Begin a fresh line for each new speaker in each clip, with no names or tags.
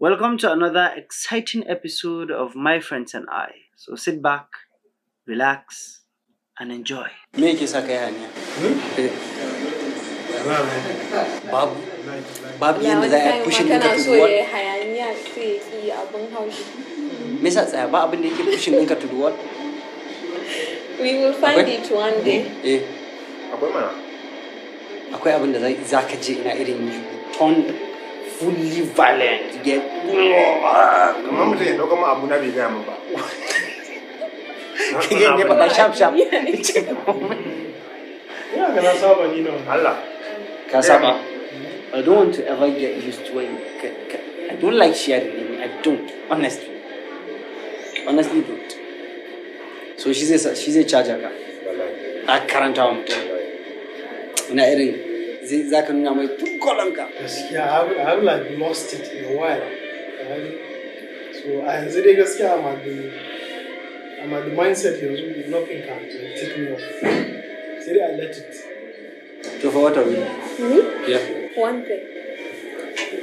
Welcome to another exciting episode of My Friends and I. So sit back, relax, and enjoy. Make yake sa kai hanya? Hmm? Eh. Babu. Babu yadda za a pushin ɗinka to the wall. Ya
hayaniya sai ki abin haushi.
Me yasa tsaya pushin ɗinka to the wall?
We will find it one day.
Eh. Akwai mana. Aku abin da za ka je ina irin tone fully violent
I
don't want to ever get used to it. I don't like sharing. I don't, honestly. Honestly, don't. So she's a, she's a charger. A current home. Ina you. za ka nuna mai duk kwallonka gaskiya i have
like lost it in a while so a yanzu dai gaskiya a da a the mindset yanzu nothing can to take me off sai dai i let it to for what are we me yeah
one thing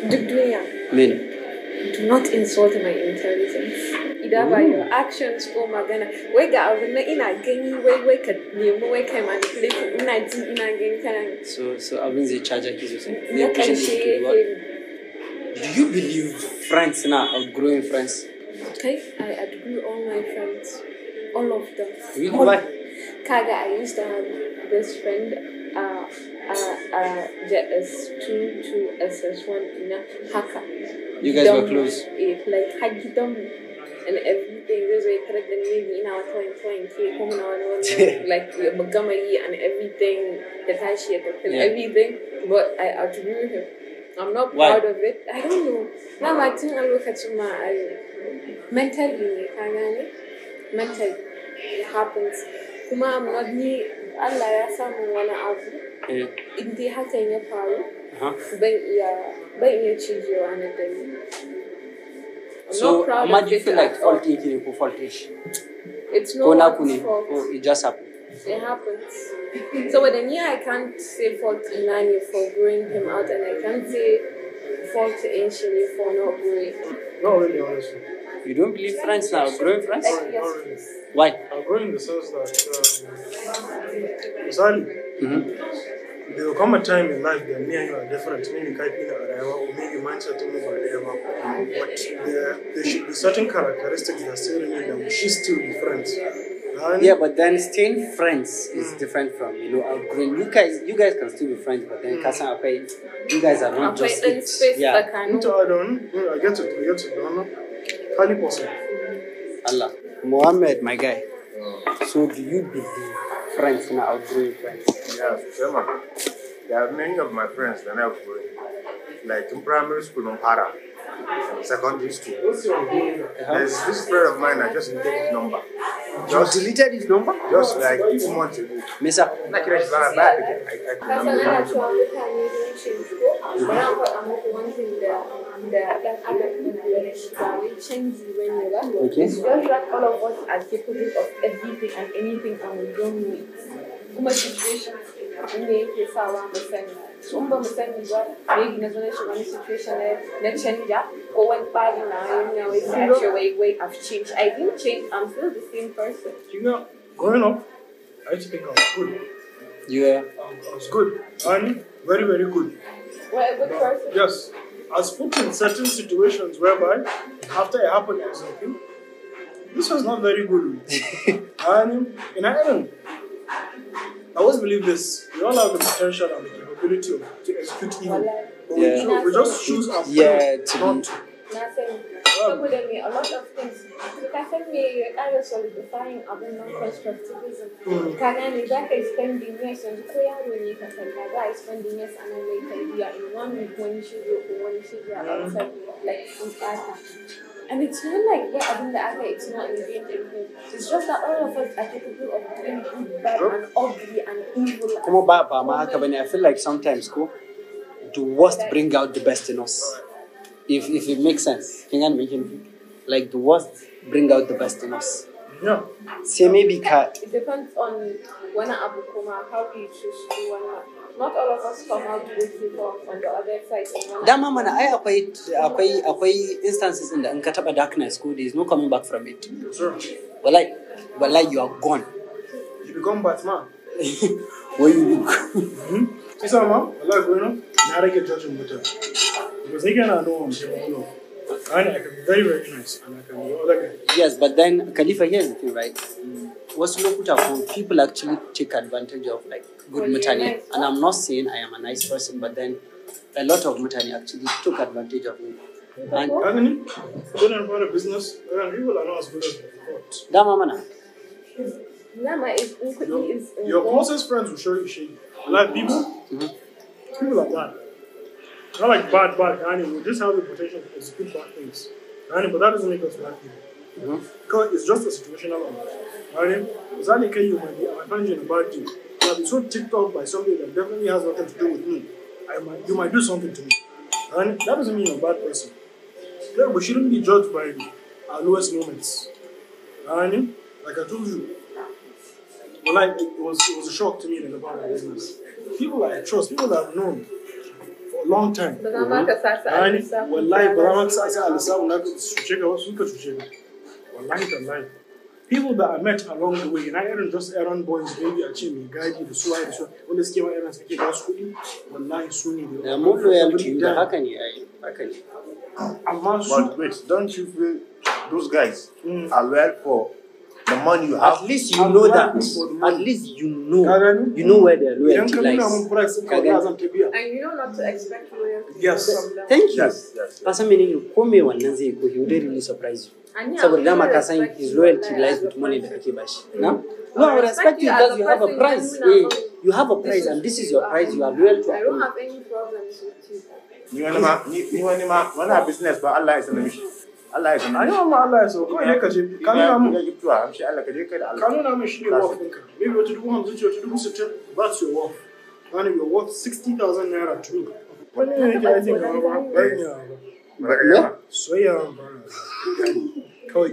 duk duniya men do not insult my
intelligence
gida ba yi actions ko oh magana wai ga abin na ina gani wai wai ka nemi wai kai manipulation ina ji ina gani kana
so so abin zai caja ki sosai ne kai shi do you believe friends na a growing friends
okay i agree all my friends all of them really why kaga i used to have best friend uh, uh, uh, js two to SS1 ina haka you guys were close if like har gidanmu and everything was very correct and maybe in our wani ke kuma na wani like gama yi and everything ya tashi ya tafi everything but I outgrew him I'm not Why? proud of it I don't know Now na ma I look at ma I mentally ne ka gane mental it happens kuma I'm not ni Allah ya samu wani abu in dai hakan ya faru ban iya ban iya cijewa na gani so, how much you feel like faulty
ikiri ko faultish?
It's no one's fault. Oh, it just happened. It happens. so with Ania, I can't say fault to Nani for growing him out, and I can't say fault to Enshini for not growing. Not really,
honestly. You don't believe friends now? Growing friends? Like, yes,
Why? I'm growing the sense that um, exactly. mm-hmm there will come a time in life that me and you are different. Maybe Kaipina Areva, or maybe mindset move Areva. But there, there should be certain characteristics that still remain that we should still be friends.
And yeah, but then staying friends is mm. different from you know outgrowing. You guys, you guys can still be friends, but then mm. Kasa mm. Ape, you guys are not just it. yeah. Into to I get it, I get it. No, highly possible. Allah, Mohammed, my guy.
So do you believe friends now outgrowing friends? have seven. There are many of my friends that I've like in primary school in Para, secondary school. Uh-huh. There's this friend of mine I just deleted his number. Just, you
deleted his number? Just like two months ago. Mesa. I
can't back but I, I can't
um, that that change you Okay. It's just that all of us are capable of everything and anything and we don't need kuma situation ne yake sawa mu sani su in ba mu sani ba da yake na zo shiga situation na canja ko wani ɓari na hanya wai sai ce wai wai I've changed I didn't change I'm still the same person.
You know, growing up, I used to think I was good. Yeah. I was good and very very good.
Well, a good but, person.
Yes. I was put in certain situations whereby after it happened or something, this was not very good. and in Ireland, I always believe this. We all have the potential and the capability of, to execute evil. But yeah. we, we just choose our yeah, to not. Be.
Nothing. saboda me a lot of things ka san me I ƙara solidifying abin non constructivism ka hmm. gane za ka yi spending years yanzu ko yaro ne ka kalla za a yi spending years a nan are in one week wani shirya ko wani shirya a outside. like sun fata and it's not like yeah, i having the actor. it's not ingrained in It's just that all of us are capable of being good, bad, and ugly, and
evil. Come on, ba ma haka I feel like sometimes cool, the worst bring out the best in us. If if it makes sense. Kingan making like the worst bring out the best in us. No. Say maybe It
depends on when I come how you choose to do one not all of us come out good the dama mana ai
akwai akwai akwai instances inda in ka taba darkness ko there is no coming back from it sure wallahi wallahi you are
gone you become batman what you do kisa hmm? ma wallahi ko no na rage judging mutum because ni kana no one shi
and I can be very,
very nice. And I can be all
that. Yes, but then Khalifa hears the thing, right? Mm wasu lokuta ko people actually take advantage of like good oh, mutani. and I'm not saying I am a nice person but then a lot of mutani actually took advantage of me. And I mean,
when I run a business, people are not as good as they Dama mana.
Dama is your, your closest
friends will show you shame. Like people, mm-hmm. people are bad. Not like bad, bad. I mean, we just have the potential to execute bad things. I mean, but that doesn't make us bad people. Because mhm. it's just a situational awareness misali kai you might be at my in a the party you might be so ticked off by something that definitely has nothing to do with me I might, you might do something to me and that doesn't mean you're a bad person yeah, we shouldn't be judged by our lowest moments and like I told you well, like it was it was a shock to me in the business people I trust people that I've known long time. Ba I'm not sasa a lissafi. Wallahi ba za ma ka sasa a lissafi na suce ka wasu suka cuce wallahi tallahi people that I met along the way, na irin just errand boys maybe a ce mai gadi da suwa da suwa kuɗi wallahi su ne haka ne ai haka ne amma su but wait don't you feel those guys mm. are well for the money you have at least you I'm know that at least you know you know where their loyalty lies and you
know
not to expect loyalty yes thank you yes,
yes, yes. person meaning ko me wannan zai ko he really surprise you saboda dama ka san his loyalty lies with money da kake bashi na
no i respect you because you have a price eh you have a price and this is your price you are loyal to Allah ni wani ma ni wani ma wani business ba Allah ya sanar Allah ya sanar. Allah ya so ne ka je ka nuna mu. Ya amshi Allah ka je kai da Allah. Ka nuna shi ne Maybe wata dubu hamsin ce wata dubu sittin that's your worth. worth naira to me. Wani ne yake aikin gaba ba ba. ba. kawai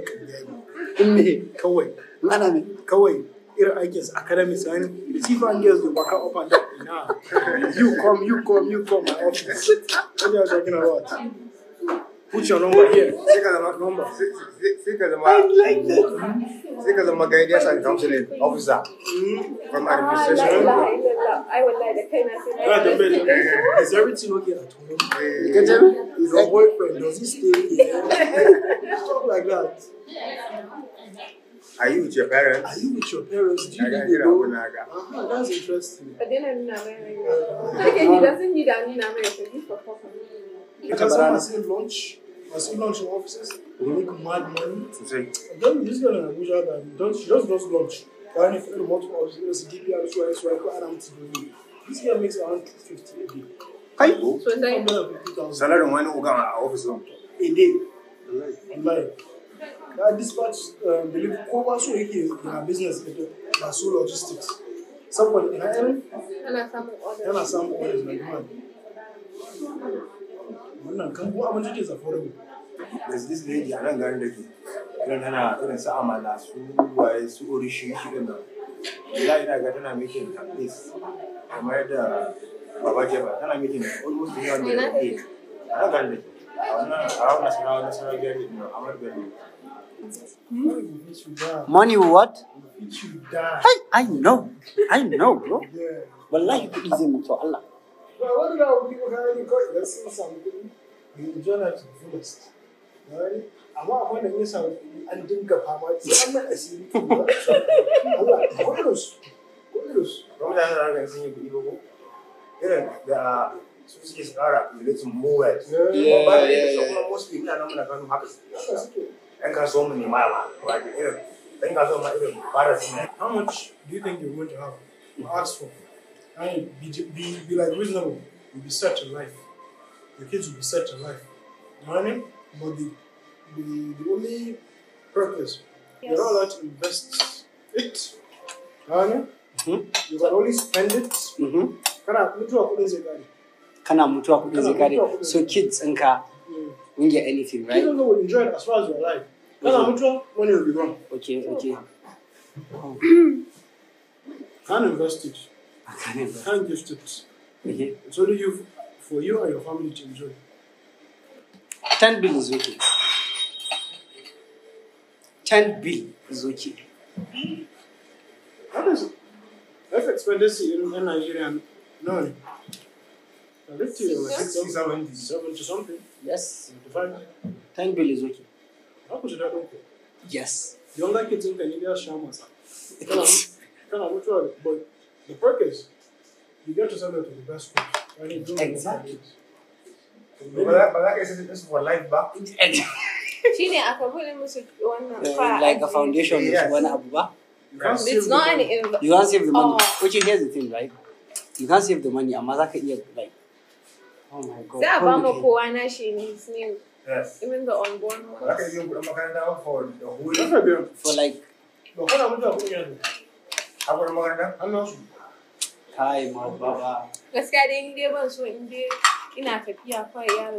in me kawai in ana me kawai irin aikinsa academics wani the chief and girls do waka up nah you come you come you come my office what are talking about put your number here sai ka zama number sai ka zama sai ka zama guidance and counseling officer mm-hmm. from administration
up. I would like the pen as
soon Is everything okay at home? You get him? Is your boyfriend, does he stay Stuff like that. Are you with your parents? Are you with your parents? Do you live alone? Uh-huh,
that's interesting. But then I'm in America. Okay, he doesn't need I'm in America. He's for coffee. Because I'm saying
lunch. I see lunch in offices. We make mad money. And then he's gonna Abuja and don't just just lunch. wani fi the motor of zero su dpr waye su waye ko to mutu this year makes around 250 a day kai ko salarin wani ugan a a day wallahi na dispatch believe um, ko ba so yake na business ita ba so logistics saboda ina
yan samun orders
na demand wannan kan ko abin da ke zafarin there's this lady a nan garin da ke irin tana irin su amala su waye su orishi shi din nan wallahi ina ga tana making campaigns kamar yadda baba jeba tana making almost million da ke ana ganin a wannan a wannan sanawa na sanawa gari din amar gari Money what? Hey, I know, I know, bro. Wallahi kuɗi zai mutu Allah. Ba wani da kuɗi mutane kawai idan sun samu kuɗi, you enjoy it to the fullest. amma a an dinga fama sai an mai asiri Allah da sun yi kuɗi ba ko irin da su suke da suke mu ba ne how much do you think you're going to have to ask for and be, be, be like reasonable you'll be set to life your kids will be set to life you know what I mean but the, the, the only purpose, yes. you're not allowed to invest it. Hana, mm-hmm. you can only spend it. Mm-hmm. Kana mutuwa kuɗin zai kare.
Kana mutuwa kuɗin zai kare. So kids in ka yeah. won't get anything, right? Kids
will enjoy it as far as you're alive. Kana mm-hmm. mutuwa money will be gone. Okay, okay. Oh. can't invest it. I can't invest. Can't gift it. Okay. It's only you for you and your family to enjoy. 10 bill is okay. 10 bill is okay. That is FX policy in Nigeria. No. Six, six, six, seven, seven to something. Yes. 75. 10 bill is okay. How much is that okay? Yes. The online kids in Canada I? myself. Kind of try? but the perk is you get to sell it to the best schools. Exactly. ba for life ba
shi ne aka bude musu wannan eh, like a foundation
musu wani abu ba it's not an you can't save the money oh. which is the thing right you can't save the money amma za ka iya like oh my god za a ba mu
kowa na shi ne Even the unborn Ba za ka iya
kuɗin makaranta for the whole. For like. Ba kuna mutuwa kuɗi yanzu. makaranta? An Kai, ma baba.
Gaskiya dai ni dai ban so in dai inappropriate for yeah,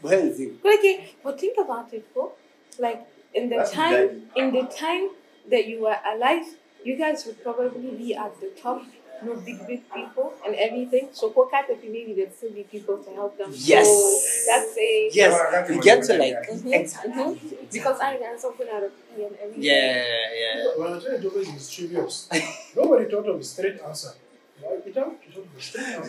well, but, okay, but think about it, for like in the That's time in the time that you were alive, you guys would probably be at the top no big, big people and everything. So for cat maybe there'd still be people to help them. Yes. So that's a
yes. Yeah, you get to like
mhm.
mm-hmm. exactly. Mm-hmm. because I can something out of and everything.
Yeah, yeah. yeah. Well, the job is mischievous. Nobody thought of a straight answer. a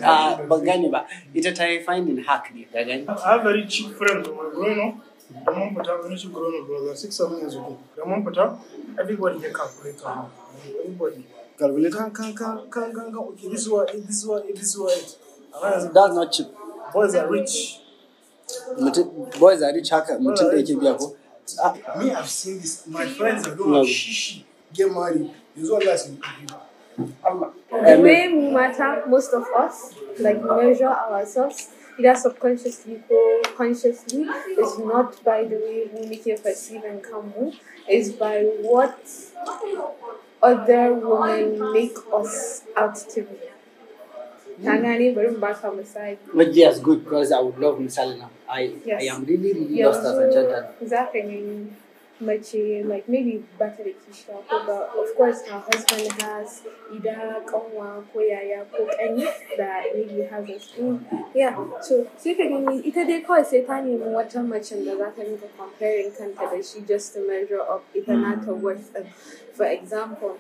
ah, ban ba ita ta yi finding ne ga
a very cheap friend of grown up brother years ago calculator everybody calculator can, can. okay this one this one this one that's not cheap boys are rich boys are rich haka ah, me i've seen this my friends are going shishi get married Allah the way
we matter, most of us, like measure ourselves, either subconsciously or consciously, is not by the way we make it perceive and come with, it's by what other women make us out to be. Mm.
But yes, good because I would love Misalina. I yes. I am really really yes. lost as a gentleman.
Exactly mace like maybe better ta da kishiya ko of course her husband has ida kanwa ko yaya ko kani da maybe has a yeah so sai ka gani ita dai kawai sai ta nemi wata macen da just a measure up ita nata for example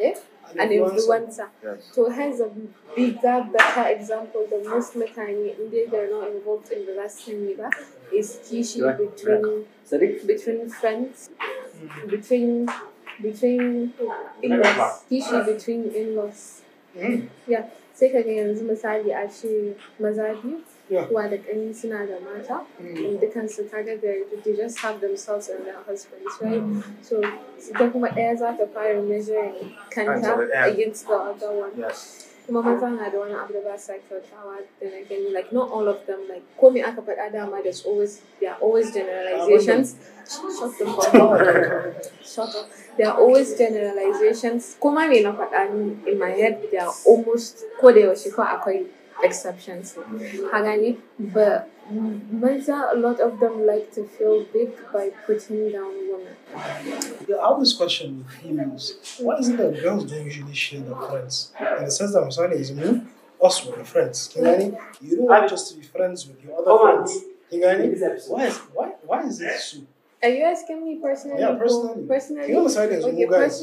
yeah an influencer. Yes. So has a bigger, better example the most metani, indeed they're not involved in the last either, is kishi mm-hmm. between between friends, between between in-laws, kishi between in-laws. Mm. Yeah, sai again, yanzu misali a ce where Insina da mata, can dukansu kaga they just have themselves and their husbands, right? Mm. So the kuma ɗaya za the fara measuring kanta against the other one. Yes. kuma mazan na da wani abu da ba cycle, kyautawa then I can like not all of them like call me aka faɗa dama there's always there are always generalizations shut the fuck shut up there are always generalizations kuma me in my head they are almost exceptions ಹಾಗಾಗಿ but a lot of them like to feel big by putting down women
The obvious question with females why is it that girls don't usually share their friends in the sense that I'm sorry is me us were friends Kingani you don't want just to be friends with your other friends Kingani why is, why, why is it so
are you asking me personally? Yeah, personally. Personally. You know, the side is okay, guys.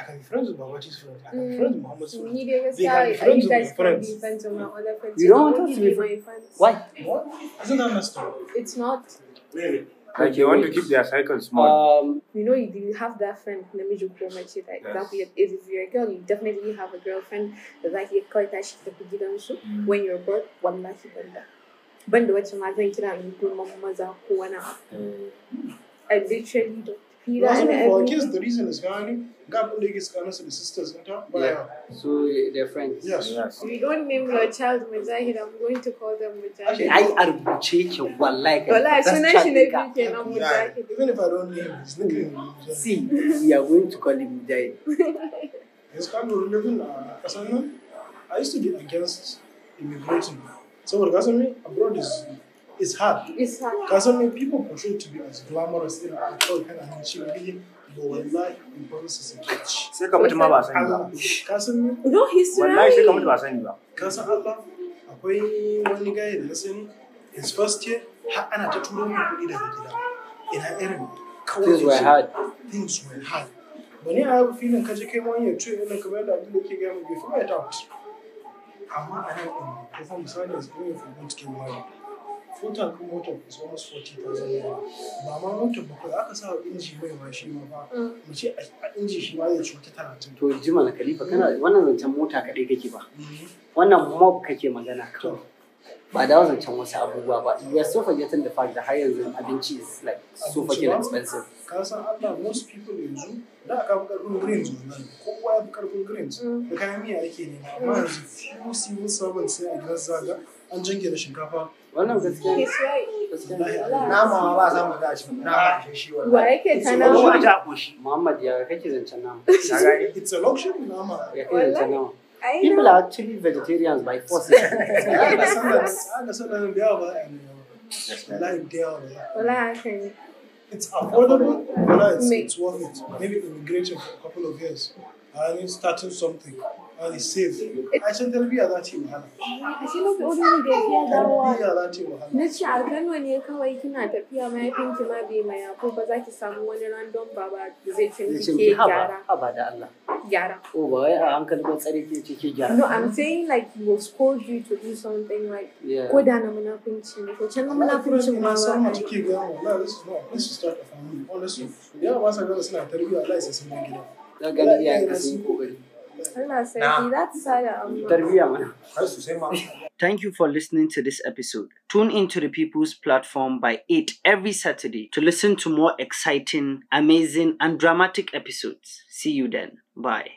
I can be friends with Babaji's friend. I can be mm, friends with Muhammad's friend. Media yourself. They can be friends you guys with friends. Can be friends with my other friends. You don't want us to be friends. friends. Why? What? Isn't that messed up?
It's not. Really? Like you want to keep
their cycle small.
Um, you know, you, you have that friend. Let me just promote you. That example, yes. if you're a girl, you definitely have a girlfriend. Like you call that shit the beginning. So mm. when you're bored, one night you bend that. Bend the way to my thing. Kira,
you do mama zako wana. I literally don't he ran for a the reason is Ghani. God only gives Ghana to the sisters, yeah. So they're friends. Yes. yes. We
don't name your child Mujahid. I'm going to call them Mujahid. I
are Mujahid.
Wallahi. Wallahi. So now she named never became Mujahid. Even if I don't name his nickname. See, we are going to call him Mujahid. His kind of living, uh, I used to be against immigrating. So what does me? Abroad is it's hard. It's hard. Because I mean, people portray to be as glamorous and I kind of how she really but wallahi in process is a catch. Say come to my ba sani ba. Ka No, he's right. Wallahi sai ka mutu ba sani ba. Ka san Allah akwai wani guy da his first year har ana ta turo min kuɗi daga gida. Ina irin kawai things were hard. Things were hard. Bani a yabu filin ka je kai ma ya tuyo ɗin kamar yadda abin da ke gaya mu bai fi mai ta Amma a nan ɗin, ko fa misali yanzu kuma ya fi mutu ke mara. total ɗin motar is almost forty thousand naira ba ma motar ba kawai aka sa inji mai ma shi ma ba mm. mu ce a inji shi ma zai ci wata talatin.
to jima na kalifa kana wannan zancen mota kaɗai kake ba mm-hmm. wannan mob kake magana kawai ba da zancen wasu abubuwa ba Ya so so forgetting the fact da har yanzu abinci is like so fucking expensive
ka san Allah most people yanzu da aka fi karfin greens wannan kowa ya fi karfin greens mm. da kayan miya yake nema amma yanzu few civil servants sai a gidan zaga an jinke da shinkafa wannan gaskiya
nama ba za mu ga
shi nama shi shi wannan wa yake ta nama wa ta koshi
muhammad ya kake zancen nama it's a luxury nama ya kake zancen nama People are actually vegetarians by force. I understand that.
I understand that. They are like they are like. It's affordable, but it's, it's worth it. Maybe immigrating for a couple of years and starting something. a tarbiyya za ta yi wahala
a shi na da ya dawowa tarbiyya za ta you na ce a kano ne kawai kina tafiya mahaifinki ma bai maya ba za ki samu wani random baba da zai ce
ke gyara haba da Allah gyara ko a hankali ba tsare ke ce ke gyara no i'm
saying like he will scold you to do something like ko da na ko can munafuncin this
is not this is a family honestly yawa ba sa suna kokari
Uh,
um,
Thank you for listening to this episode. Tune into the People's Platform by 8 every Saturday to listen to more exciting, amazing, and dramatic episodes. See you then. Bye.